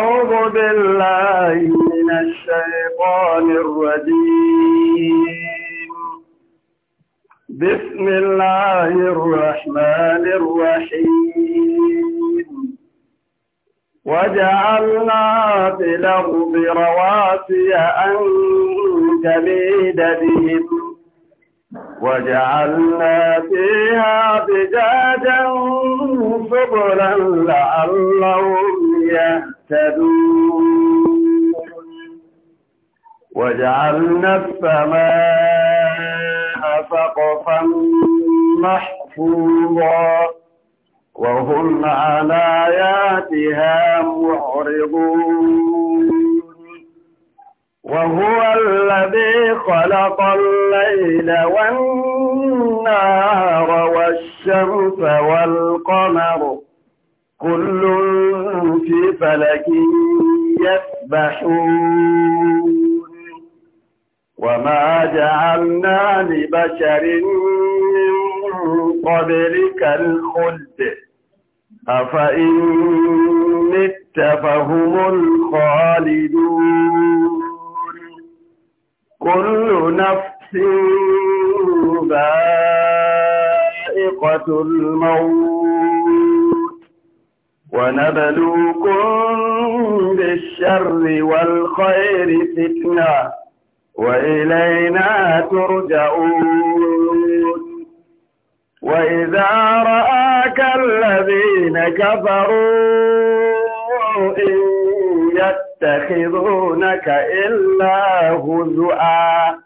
أعوذ بالله من الشيطان الرجيم بسم الله الرحمن الرحيم وجعلنا في الأرض رواسي أن تميد بهم وجعلنا فيها فجاجا سبلا لعلهم يهتدون وجعلنا السماء سقفا محفوظا وهم على آياتها معرضون وهو الذي خلق الليل والنهار والشمس والقمر كل في فلك يسبحون وما جعلنا لبشر من قبلك الخلد أفإن مت فهم الخالدون كل نفس ذائقة الموت ونبلوكم بالشر والخير فتنة وإلينا ترجعون وإذا رآك الذين كفروا إن يتخذونك إلا هزؤا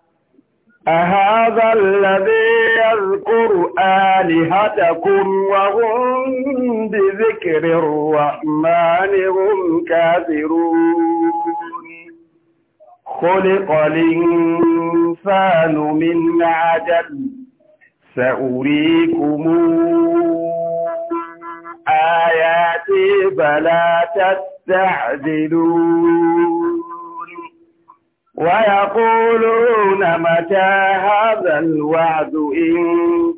أهذا الذي واذكر آلهتكم وهم بذكر الرحمن هم كافرون خلق الإنسان من عجل سأريكم آياتي فلا تستعجلون ويقولون متى هذا الوعد إن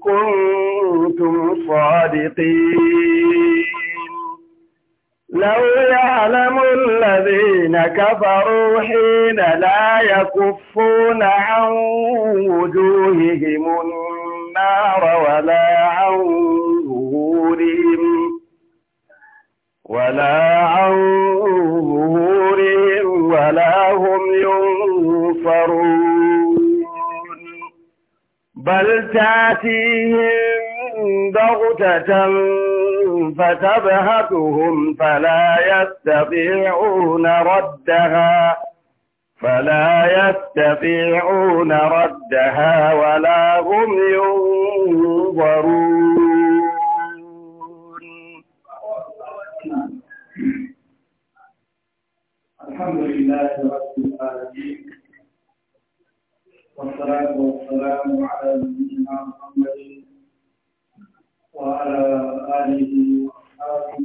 كنتم صادقين لو يعلم الذين كفروا حين لا يكفون عن وجوههم النار ولا عن ظهورهم ولا عن ظهورهم ولا هم ينصرون بل تاتيهم بغتة فتبهتهم فلا يستطيعون ردها فلا يستطيعون ردها ولا هم ينظرون الحمد لله لله رب العالمين والصلاة والسلام على نبينا محمد وعلى آله وأصحابه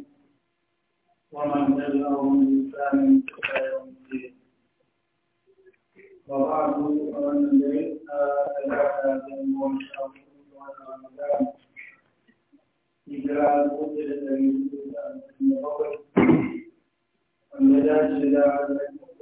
ومن تبعهم بإحسان إلى يوم الدين وبعد فمن بعث ثلاثة ومشرفون ورمضان إجراء القدرة من النبوة والنجاة إلى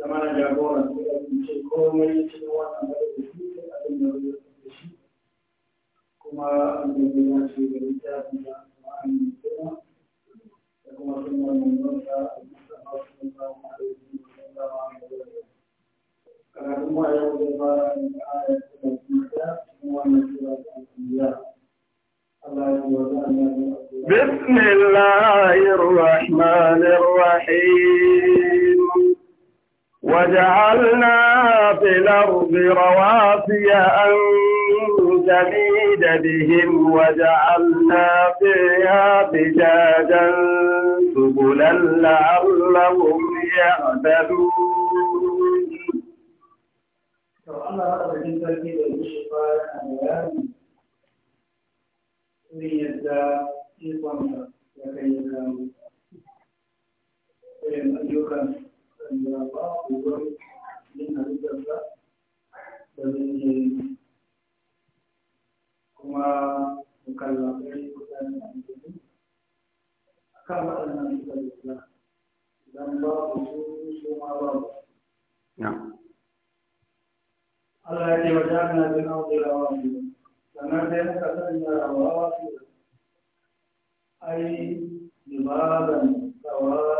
بسم الله الرحمن الرحيم وجعلنا في الأرض رواسي أن تميد بهم وجعلنا فيها فجاجا سبلا لعلهم يعبدون Thank you. Singapura, Uber, ini harus juga dari kuma bukan lagi bukan ini. Kalau anda bisa juga dan bawa usul semua bawa. Ya. Allah yang wajarnya dengan dilawan. Karena dia katanya lawan. Ai, ibadah, lawan.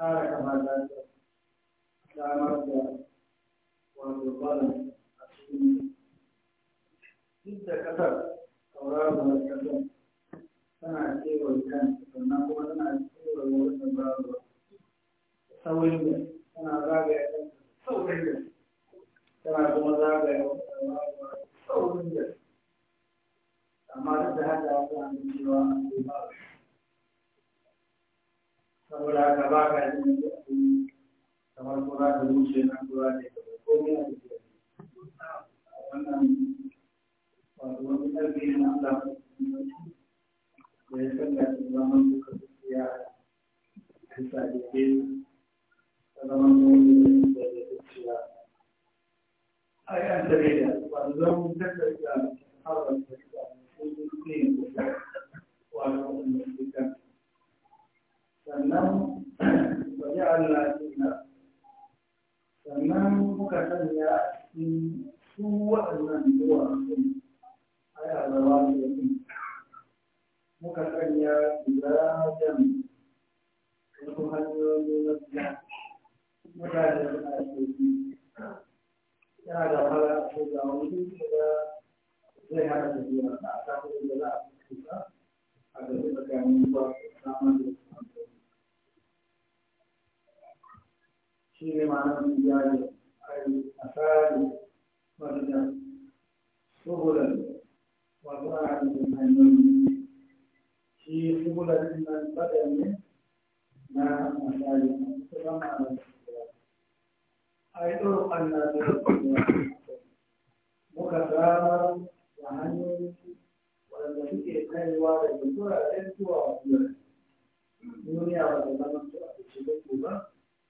ƙara kamar lafiya samar da wato bala a cikin duk da ƙasar sauraron ƙasar tana kewaye kan sannan kuma tana kewaye wajen baruwa saurin da tana zagaya kan saurin da tana kuma zagaya wajen baruwa saurin da amma duk da haka ya fi cewa a cikin baruwa saboda haka ba ka yi kamar kura da wuce na kura da komai a cikin wannan wato wani ƙarfi na Allah da ya sanya su zama suka tafiya bisa da ke ta zama su da ya tafiya a yi an tare da wato zama tattara da harbar da suka wato wanda suka sannan waje Allah na sannan muka sanya a cikin su waɗannan zuwa sun aya zama da yi muka sanya zirajen wasu hanyoyi na siya mutane suna soki yana da wahala a ce ga wani da zai hana tafiya da a kafin da za a fuskanta a gaba tsakanin ba samun da shi ne ma'anar iyali a tsari wanda subulan wato a cikin hanyoyi shi subulan nan tsadar ne na misali su zama a ai ɗorkan na da muka samar da hanyoyi waɗanda suke kaiwa daga turaren zuwa duniya wadda zama su a cikin ba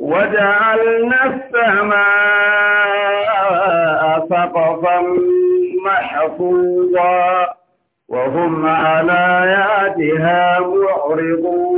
وجعلنا السماء سقفا محفوظا وهم على يدها معرضون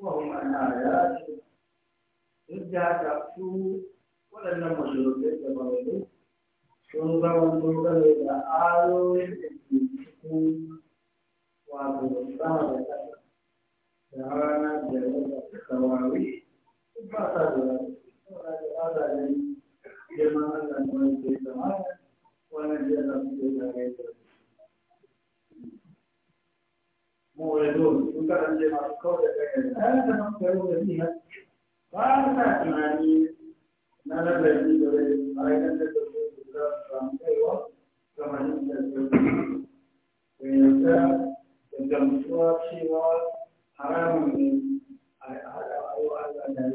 وهم أنها لا رجع تأسو ولن مشروط يتبعون sun zama dogare da ayoyin da ke cikin wato sama da ƙasa da rana da yadda suka wari ba sa da ne da موردون sun kasance masu kawai da kai da hannun da masu kayo da ni ba na tunani na lalaci da rai ma'aikatan da su za su samu kaiwa kamar da su da yanzu da haramun ne a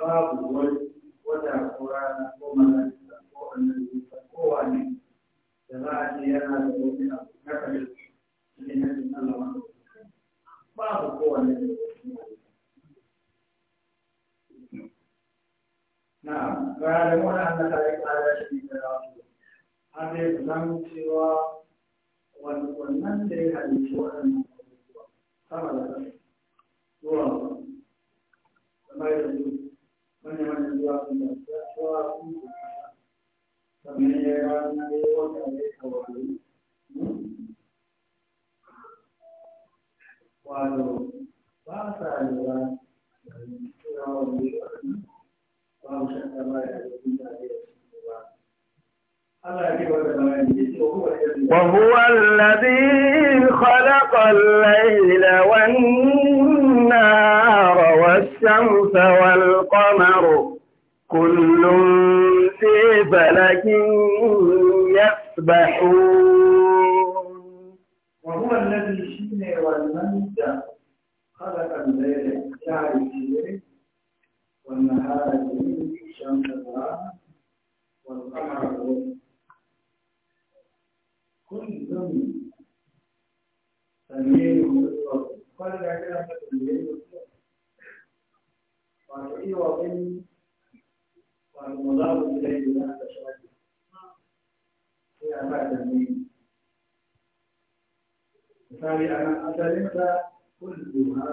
babu wani wata ko rana ko ko da za a cikin nufin Allah wanda babu kowane na ga da wani an da kare da rasu har dai su san cewa da ya halitta waɗannan sama da ƙasa zuwa da mai da su manyan manyan zuwa sun da cewa sun da ƙasa sannan ya yi ranar da ya wata ya yi wato ba sa lura da cewa wanda ya wani ba mu shan kama da abin da ya ba. Allah ya ce wanda ba ya ce وهو الذي خلق الليل والنار والشمس والقمر كل في فلك يسبحون wanda ya kira da dalilai wato iya wa wani wato mazabu da yake da aka shafi sai a ba da ne misali a nan asalinsa kulluha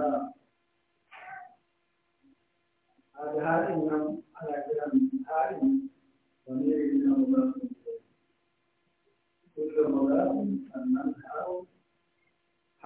a da haɗin nan ana kiran haɗin wani yake na mazabu kullum mazabu sannan haɗin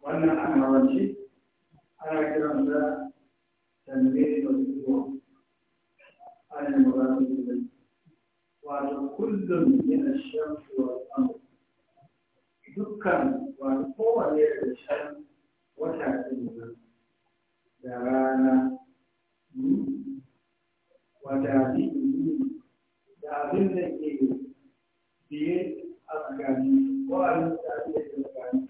wannan a yawanci ana kiran da tanbih da zuwa ana magana da wato kullum yana shan wa amr dukkan wato kowanne da shan wata ɗin da rana wata biyu da abin da ke biye a tsakani ko a yi tsakani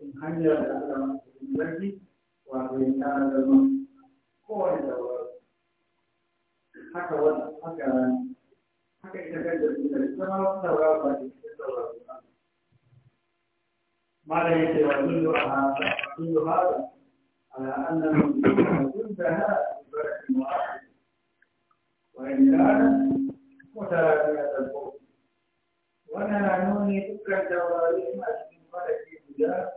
In hanyar da aka mutum zargi wato ya tara da man kowane da wani haka wani haka rani haka ita kan da su da ita ma wani da wani ba da ita da wani ba da ya ce wa kullu hada kullu hada ala annahu kuntaha bi wahid wa in kana mutarabiya al-qawm wannan na nuni dukkan jawari a cikin ke guda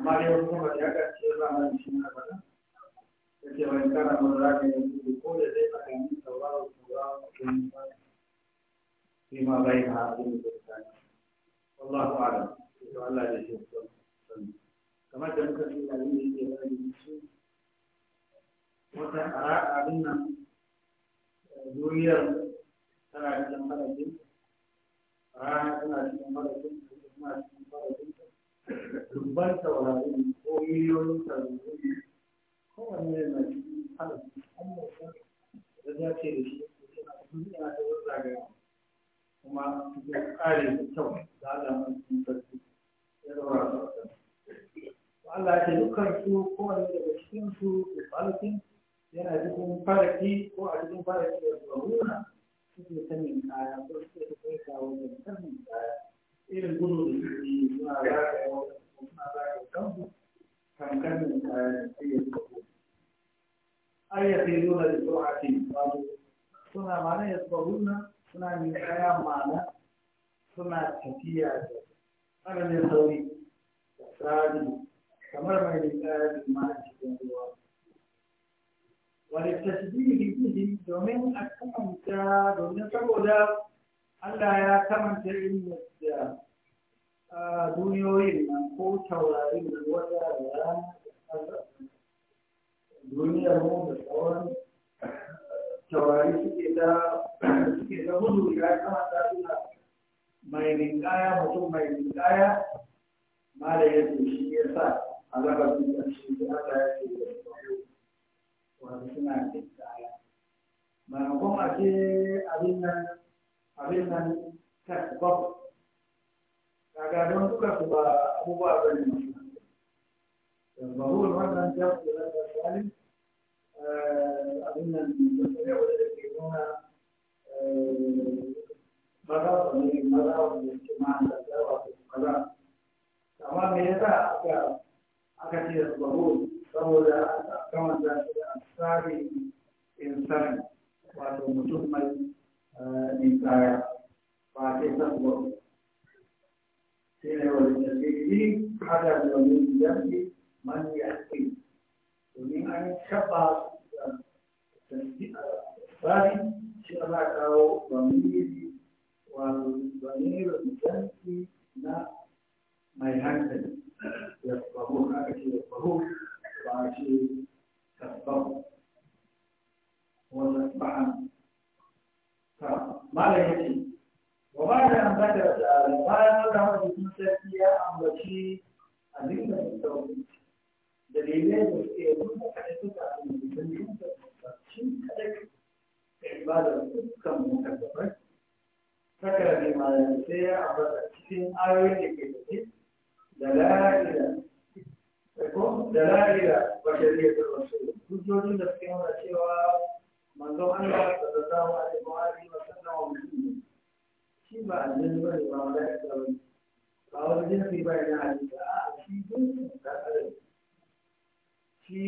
amma dai kuma ba ya kace ba ma ko ya kamar da muka ce da wata ara abin nan duniyar tana cikin farajin tana cikin farajin cikin farajin dubban taurari ko miliyoyin taurari kowanne yana cikin halittu Allah ya da ce da shi yana duniya ta zagaya kuma zai kare da kyau da alamar cikin sarki ya zaura da wata Allah ya ce dukkan su kowanne daga cikin su da falakin yana cikin faraki ko a cikin faraki da zuwa wuna suke sanin kaya ko suke da kai kawo da sanin kaya إلى الجزر التي ما ذاك وما ذاك الكذب فانكذب أي أي يقيلون بسرعة قالوا suna mana ya tsaruna suna mai kaya mana suna tafiya da tsananin sauri da tsari kamar mai mai kaya da mana cikin ruwa wani tasiri da domin a kamanta domin saboda Allah ya kamanta inda da duniyoyin nan ko taurarin da wata rana duniyar mu da sauran taurari suke da suke da gudu ya kamata suna mai ninkaya mutum mai ninkaya ma da ya shi ya sa a gaba da shi da Allah ya da wani suna kuma ce abin nan abin nan ta babu kaga don duka su ba abubuwa ba ne masu bahul wannan jamus da zaka shali eh, abin nan da tsare wanda ke nuna eh, maza ba ne maza ba ne ke ma da ko amma me yasa aka aka ce da bahul saboda kamar da shi da tsari insani wato mutum mai ninkaya ba ke san ba shi ne wani tasiri hada da wani jami man ya ce domin an shafa bari shi ana kawo bamiri bamirin jami na mai hankali ya fahu aka ce ya fahu ba ce sabbahu wani ba'an malam ya ce wa ba da an bada bayan an gama da sun sarki ya ambaci a dinga da sauri da da suke kaɗai suka a kaɗai ka dukkan saka malam ya ambata cikin ayoyin da ke da da ba da wasu hujjojin da suke nuna cewa manzo Allah sallallahu alaihi wa alihi wa sallam shi ba annabi bane ba malaika bane ba wani jinsi ba yana hadisi a shi jinsi da kare shi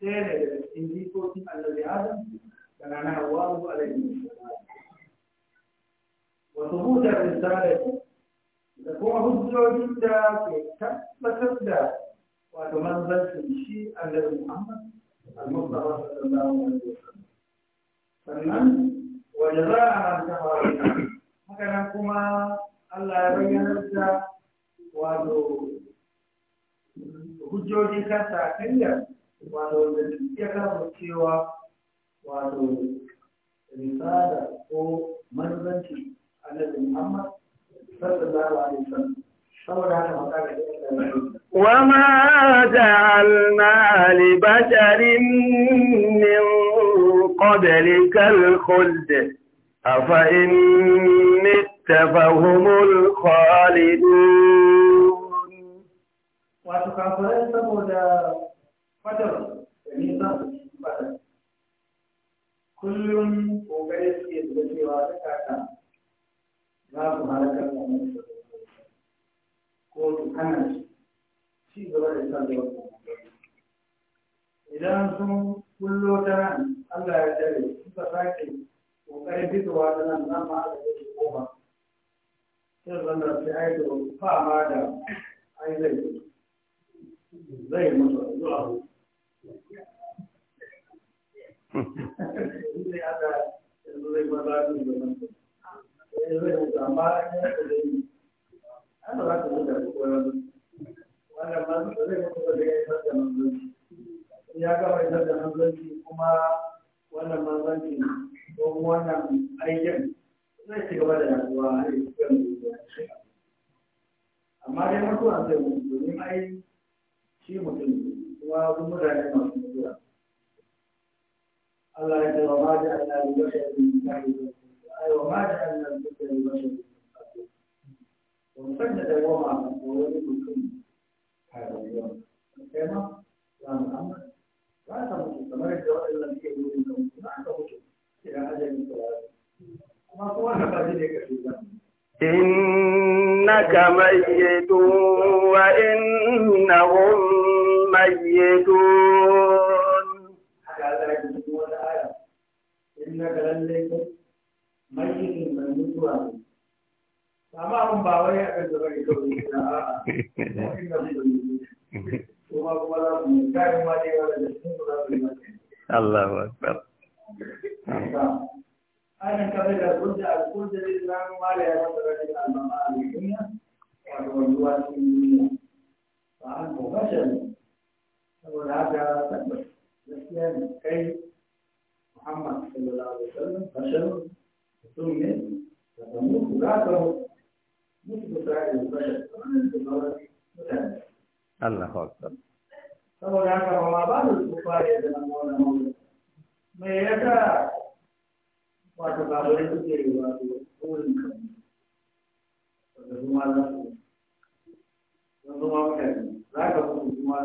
ɗaya ne daga cikin jikokin annabi Adam da nana Hawwa alaihi wa sallam wa thubuta risalati da kuma hujjojin da ke tabbatar da wato manzancin shi annabi Muhammad al-Mustafa sallallahu alaihi wa sallam sannan wanda za a masu hawaii haka nan kuma Allah ya bayyana da wato hujjoji kansa kanyar wato da duk ya kama cewa wato risala ko manzanci annabi Muhammad sallallahu alaihi wasallam saboda haka magana وما جعلنا لبشر من قبلك الخلد أفإن ميت فهم الخالدون Kullum ko فتر kullum suke da cewa ta kaka za su halakar da ko su hana ci gaba da da idan sun kullo ta nan Allah ya tare suka sake kokarin fitowa ta nan nan ma Allah ya koma sai zanna sai ai da fa ma da ai zai zai mutu zuwa ne aka yanzu zai ba za su da nan zai mutu amma ya da zai ana za ka mutu da kowa wannan ma zai mutu da ya yi sassa nan ya gaba isar da manzanci kuma wannan manzanci ko wannan aikin zai ci gaba da yaduwa a yi cikin amma dai mutuwa zai mutu domin ai shi mutum kuma wasu mutane masu mutuwa Allah ya ce ma da Allah ya bashe ai ma da Allah ya bashe bin kahi wannan da da goma ko wani mutum kai da yawa kai ma za amma za ta mutu kamar yadda waɗannan suke إنك ميت وإنهم ميت من متوى فما هم أكثر من الله أكبر أنا كبير الكل الكل لله ما لا يرد الماء الدنيا والوالد الدنيا فأنت بشر تكبر لكن كي محمد صلى الله عليه وسلم بشر ثم تموت ذاته مثل سائر البشر وأنت بشر Allah akbar saboda haka ba ma ba su tsufa da zama na mawana me ya sa wato kafirai suke yi wato tsorin kan da kuma za su don zama mutane za ka kuma kuma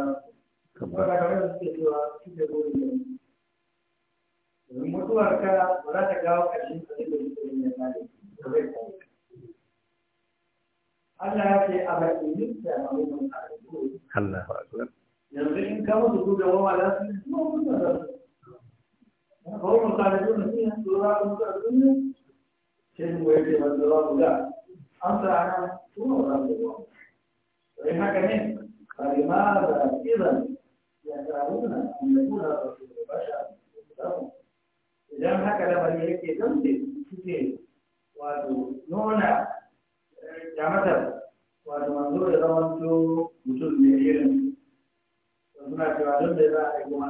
kamar da kamar da suke cewa suke tsorin kan domin mutuwar ka ba za ta kawo ƙarshen ka da suke yin yana da zai kawo Allah ya ce a baki nufta a wani Allah ba yanzu in ka musu gudu wa wala su ne kuma musu da su ko mu ka da dole ne su ra mu da su ne ce mu wai ce ban da mu da an sa ana su ne ra mu da haka ne kalimar da idan ya taruna an da su da su ba idan haka da bari yake dan suke wato nuna kyamatar wato manzo da zama to mutum ne irin suna cewa don da za a yi kuma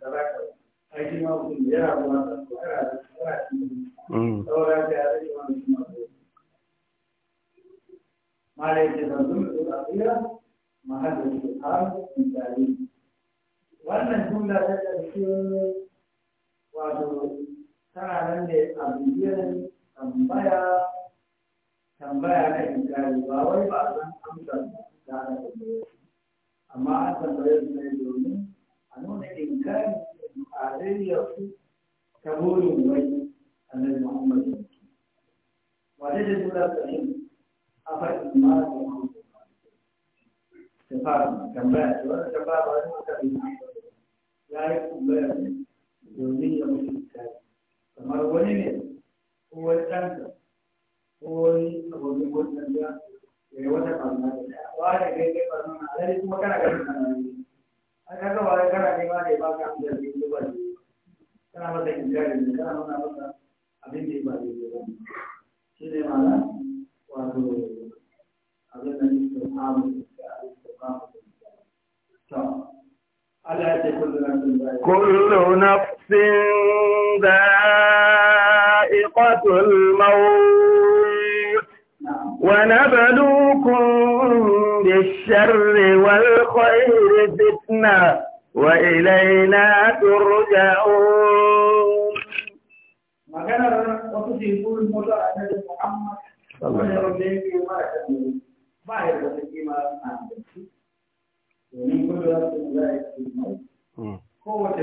kaza kaza aiki ma mutum da yana kuma da tsara tsara saura ta ya rage wani kuma malai ke zanzu mutum a tsira mahallin su har misali wannan jumla ta ƙarshe wato tana nan ne a bibiyar tambaya tambaya na inkari ba wai ba a san amsar da ana tambaye amma an tambaye su ne domin a nuna inkari a su ta burin wai annabi muhammad wadda da tura tsarin a faɗin mara da kuma ta fara tambaya ce wanda ta fara wani mutane ya yi tambaya ne domin ya mutu inkari kamar wani ne ko wani ɗansa wani abokin wannan ya yi eh, wata ɓarna da ya ba ka amsa da ونبلوكم بالشر والخير فتنة وإلينا ترجعون maganar wasu shekul mutu a nan Muhammad wani wanda yake mara kan ba ya mutuwa da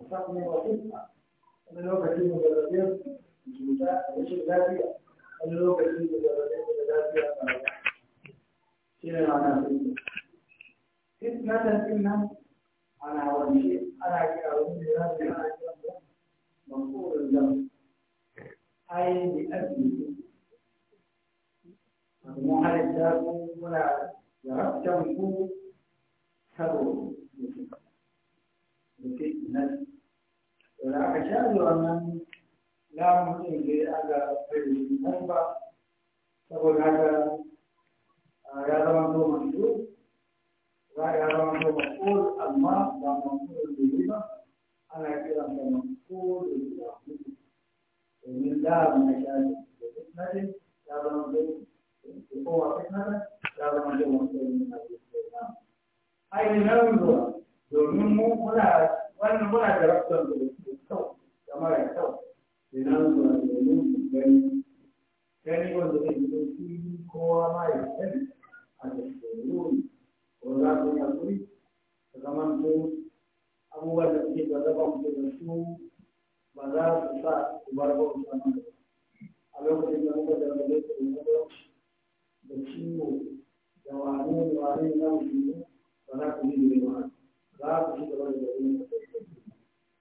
وفهم وحكمة wani lokaci mujarrabin cuta rashin lafiya wani lokaci mujarrabin da lafiya a rayuwa shi ne ma'ana sun fitnatan din nan ana wance ana kira wani da za su yi ana kira da makorin zan ai bi azumi mu halitta ku muna jarabtan ku saboda mutum mutum na da aka shafi wannan lamun da ya aka fahimci nan ba saboda haka ya zama to masu za a ya zama to amma ba masu da ba ana kira da masu da ya domin lamun na shafi da duk nadin ya zama to da kowa duk nadin ya zama to masu da ya zama. Ai, domin mun kula wannan muna da rafsan da kyau da mara kyau da na zuwa da gani gani wanda zai yi fili kowa ma ya sani a da shekaru ko za ku yi hakuri da zaman su abubuwan da suke da zaba ku da su ba za su sa ku bar ba ku samu a lokacin da muka da rage da mutunci da ciwo da wani wani na mutum ba za ku yi da yawa za ku ci gaba da yin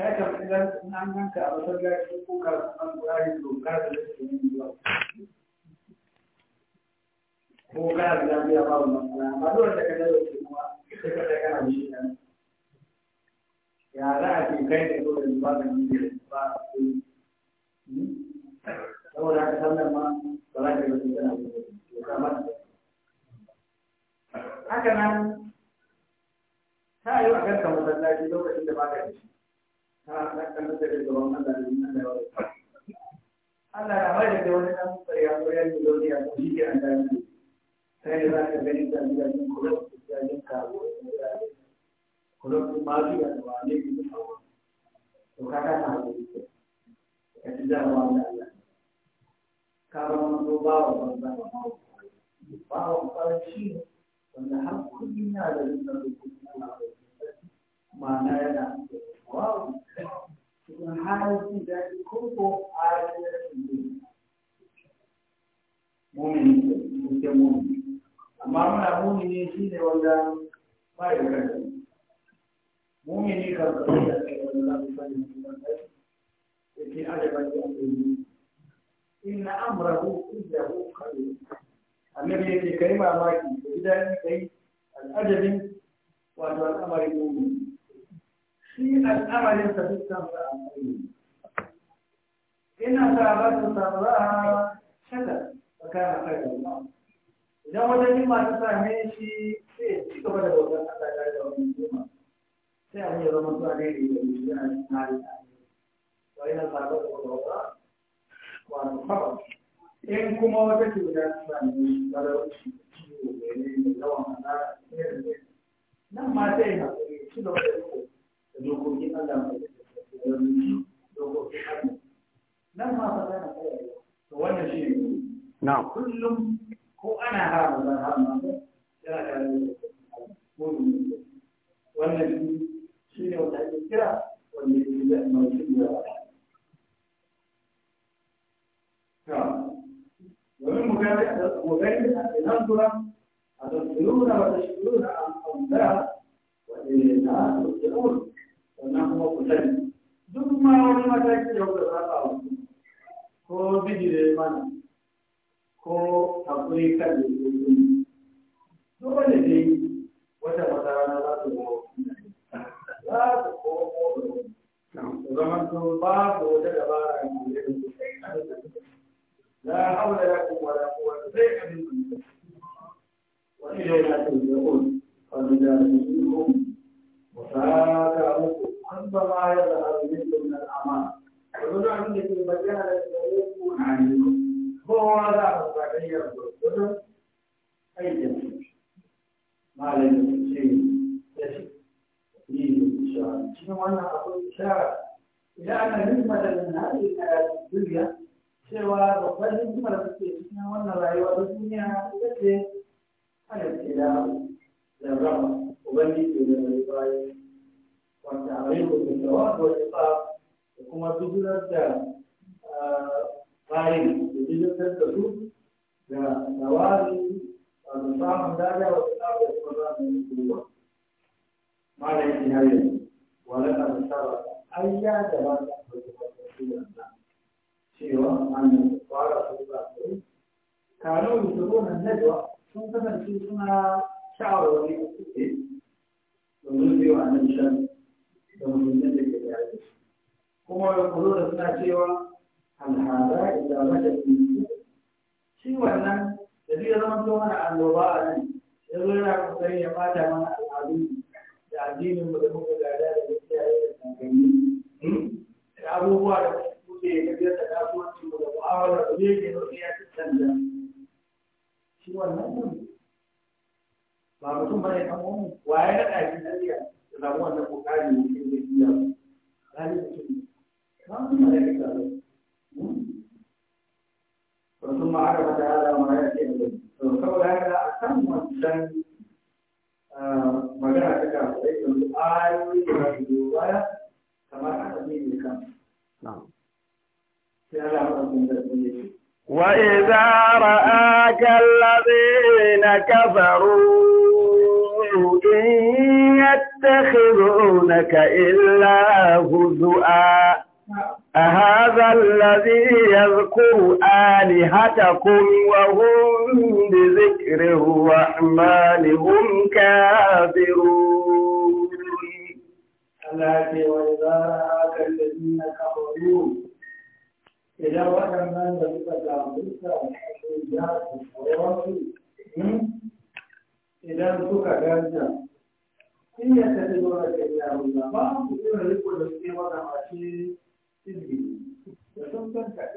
kai ka fi dan an ganka a masallaci ko karatu an gurare dokar da take yin zuwa ko kana da lafiya ba wannan kana amma dole da kada yau kuma sai ka daga nan shi kan ya za a ce kai da dole ba ka yi ba saboda ka san ma ba za ka yi wasu kana doka ma haka nan ta yi a kanka masallaci lokacin da ba ka da shi Allah na mai da wani ɗan ya koyar da dole ya koyi ke an dami sai za ka gani da gidajen kulon gidajen kawo kulon masu da ba ne ku da hawa to ka ka ta hawa ka ji damuwa da Allah ka ba mu zo ba wa banza ba wa farshi wanda har kullum yana da rinsa da kuma ma'ana yana da halin da ya kurko a mumini da mumini amma muna ne wanda ke ake yi yake kai mamaki idan kai al'adabin wato al'amarin mumini shi al'amarin sa duk samu al'amari ina sa ba su samu shaka tsakanin kai idan wajen yi ta same shi sai ci gaba da bautar Allah tare da wani nima sai abin ya zama zuwa ne da yake yana cikin hali ta wa ina sa ba su bauta wa su fara in kuma wata ce guda ta same shi da rawanci ciwo da yawan asara nan ma sai na ci gaba da dokokin Allah dokokin Allah nan ma ba za ka kai to wannan shi ne na kullum ko ana haramu ba haramu da wannan shi ne wanda ake kira wanda ya da mai shi da ومن مجالسة ننظر أتدخلون وتشكلون عن أمداد وإلى الناس ترجعون sannan kuma ku sani duk ma wani mataki da kuka saba wa ko bijire mana ko hakuri kan da ke yi dole ne wata wata rana za su ko za su ko ko da zama to wannan da zai zama to mana annoba a nan ya zo yana kokarin ya fata mana al'adu da addinin mu da muka gada da gaskiya da kakanni da abubuwa da kuke na biyar da kasuwanci mu da mu'amalar da zai ke nau'i ya canza shi wannan ne ba mutum ba ne kan wani waye na ɗaki na riya da samu wannan kokari ne ke da biya ba ne mutum ba mutum ba ne ba ثم عرف تعالى وما يأتي فهو هذا أهم نعم. من مجال التكاثر أي من الآية والرواية كما حدث من الكم نعم وإذا رآك الذين كفروا إن يتخذونك إلا هزؤا نعم. Aha zalla zi yaskuru, Ali hata kun wahudi zikirimu, wa amma ni mun kaza. Alake wani zarar hakan da jiyya kamar yu. Idan wata zan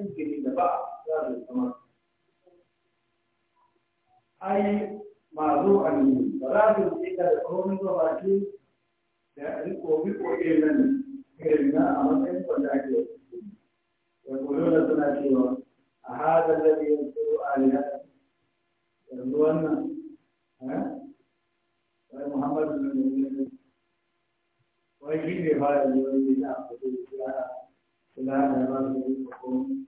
hankali da ba za su zama ai mazo a ne ba za su ce ka da komai ba ba ce da riko riko nan irin na a matsayin kwanda ake da kulona suna cewa a hada da biyan su aliya yanzu wannan wai muhammadu ne wai shi ne fara ne wani da aka kula da ba su yi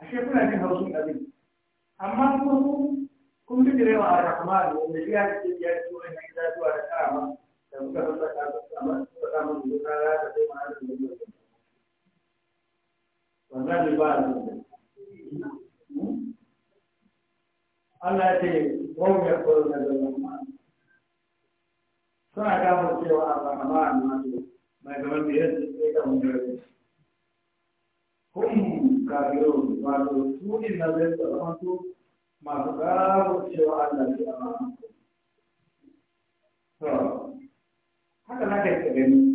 ashe kuna jin haushin abin amma kuma ku kun ji direwa a rahman wanda shi ya ce ya ci wani gida zuwa da karama da muka rasa ta suka samu da kara da sai ma da mutum wannan ne ba hmm? Allah ya ce wau ya koyo da zama suna gama cewa a rahman ma mai gaban da ya ce sai da mun ko kafirun wato su ne na zai zama su masu ƙarar cewa Allah ya amana to haka na kai ka gani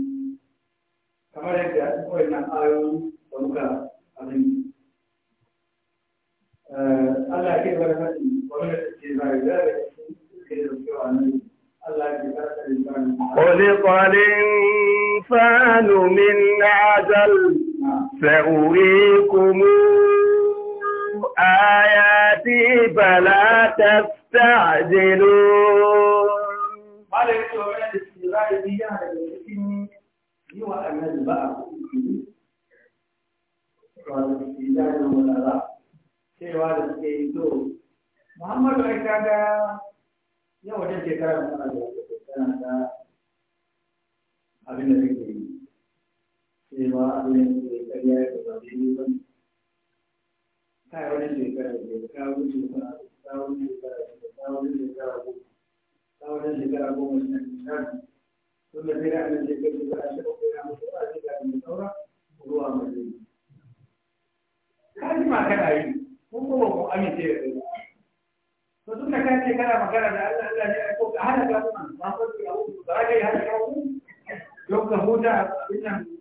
kamar yadda a cikin wannan ayoyi da muka azumi Allah ke barkati wanda take zai zai ke da cewa annabi خلق الإنسان من عجل سأريه عليكم آياتي فلا تستعجلون cewa da suke yi yau yi cewa Allah ya ce da wuce wuce wuce wuce da da da da da huta abin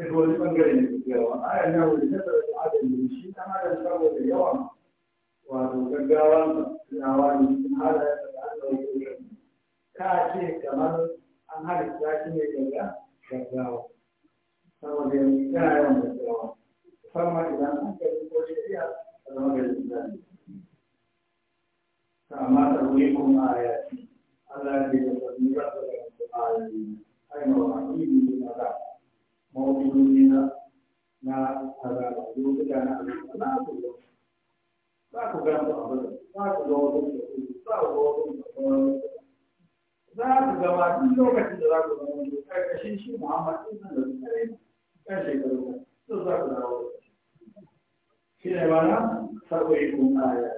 sai ga wani bangare ne suke yawa a yana wani nasarar adalci shi ta hada saboda yawan wato gaggawa tunawa ne sun hada da ka ce kamar an shi ne gaggawa yanzu idan an ko shari'a a zama da lissafi kama ta wuri kuma a yaki Allah ya ce da sabbin da ne na 毛主席呢？那他那老多不讲，那可多，那可多样搞得，那可多都是造活动的，那可多嘛？一六年开始那个，开个新新文化运动的，开那些个都是那个。现在嘛，他唯一困难也，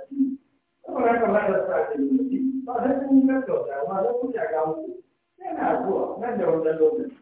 本来本来是大进步，但是工人少些嘛，都不下岗，现在好那叫什么？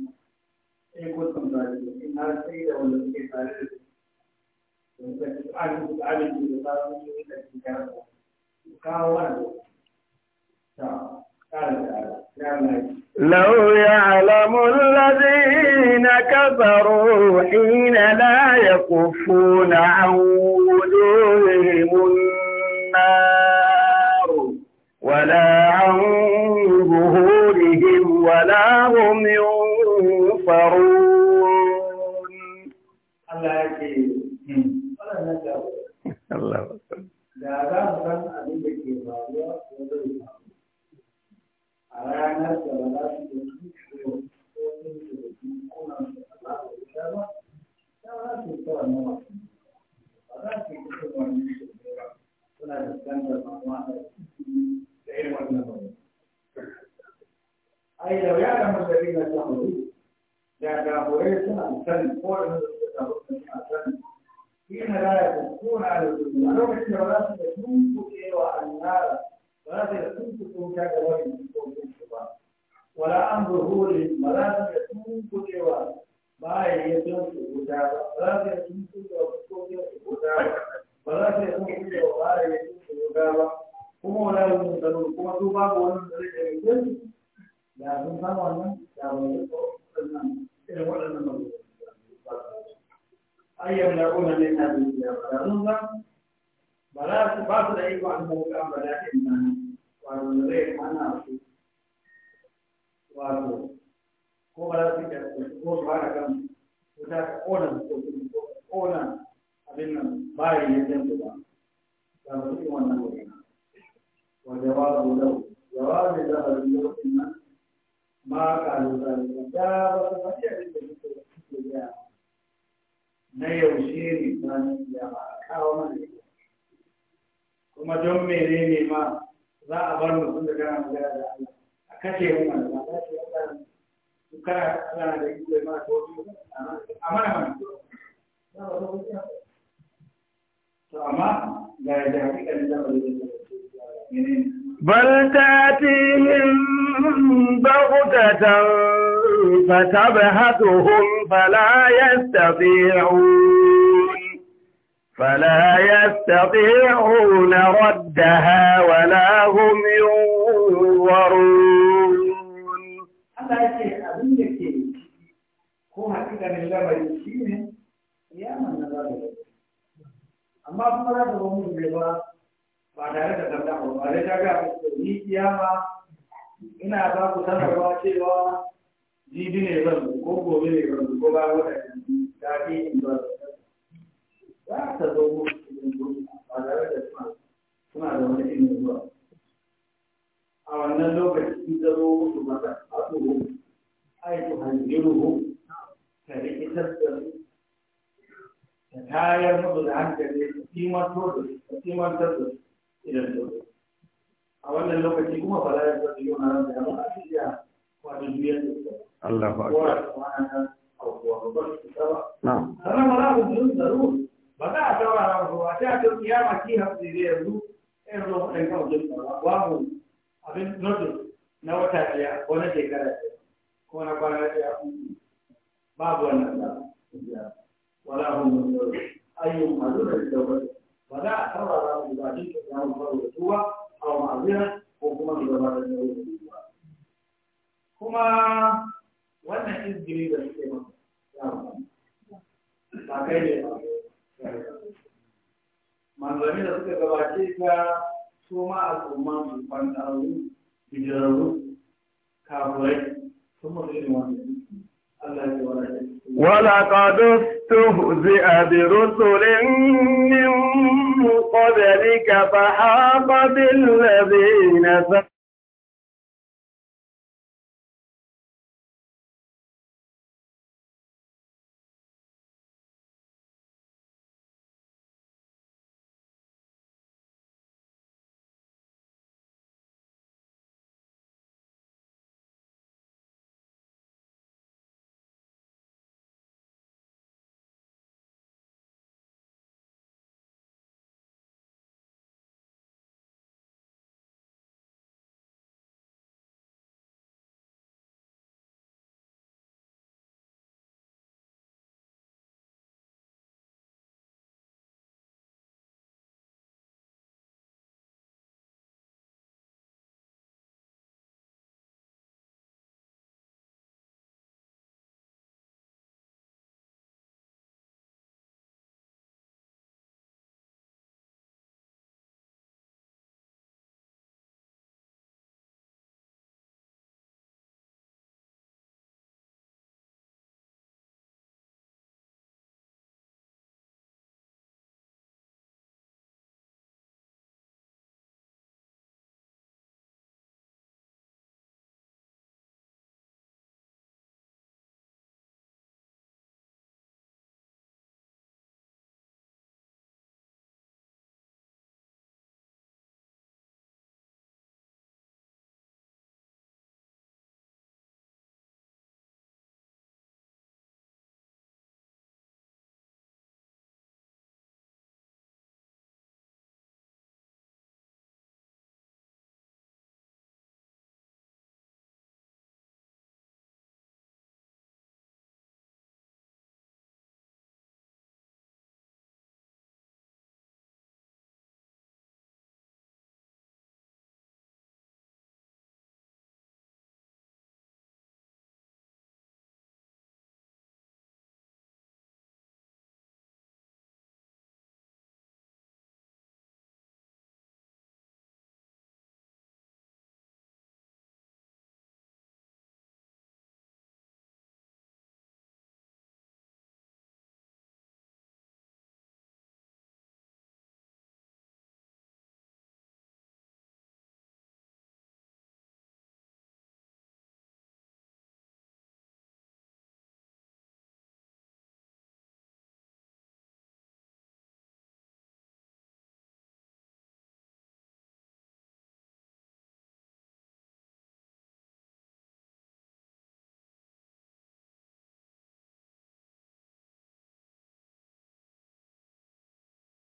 لو يعلم الذين كفروا حين لا يكفون عن وجوههم hana su wato ko ba za su da ko su hana kan ko ta ka kona ko kona abin nan bayan ya canza ba ga su yi wannan wuri wa jawabu da jawabu da a ɗin nan ma ka lura da ba su faɗi abin da suke gaya na yaushe ne ta ni ya ba kawo mana kuma don ne ma za a bar mu da kana magana da Allah a kashe mu mana ba za ki kana kana da ido ma ko amma ba to amma ga da hakika da ba zai بل تأتيهم بغتة فتبهتهم فلا يستطيعون فلا يستطيعون ردها ولا هم ينظرون ke ko da amma kuma za ta mun ba tare da ba ba ta ni kiyama ina ba ku sanarwa cewa jibi ne zan ko gobe ne zan ko ba wata ta ke in ba za ta zo musu tare da suna suna da wani ilimi ba a wannan lokaci in ta zo musu a tsoro ai ku hanjiruhu ta da ta tayar da hankali ta kimantar da ta kimantar idan a wannan lokaci kuma ba za ta zo yana da yawa a cikin wato biyar da su Allah ba. aqui, rapidinho,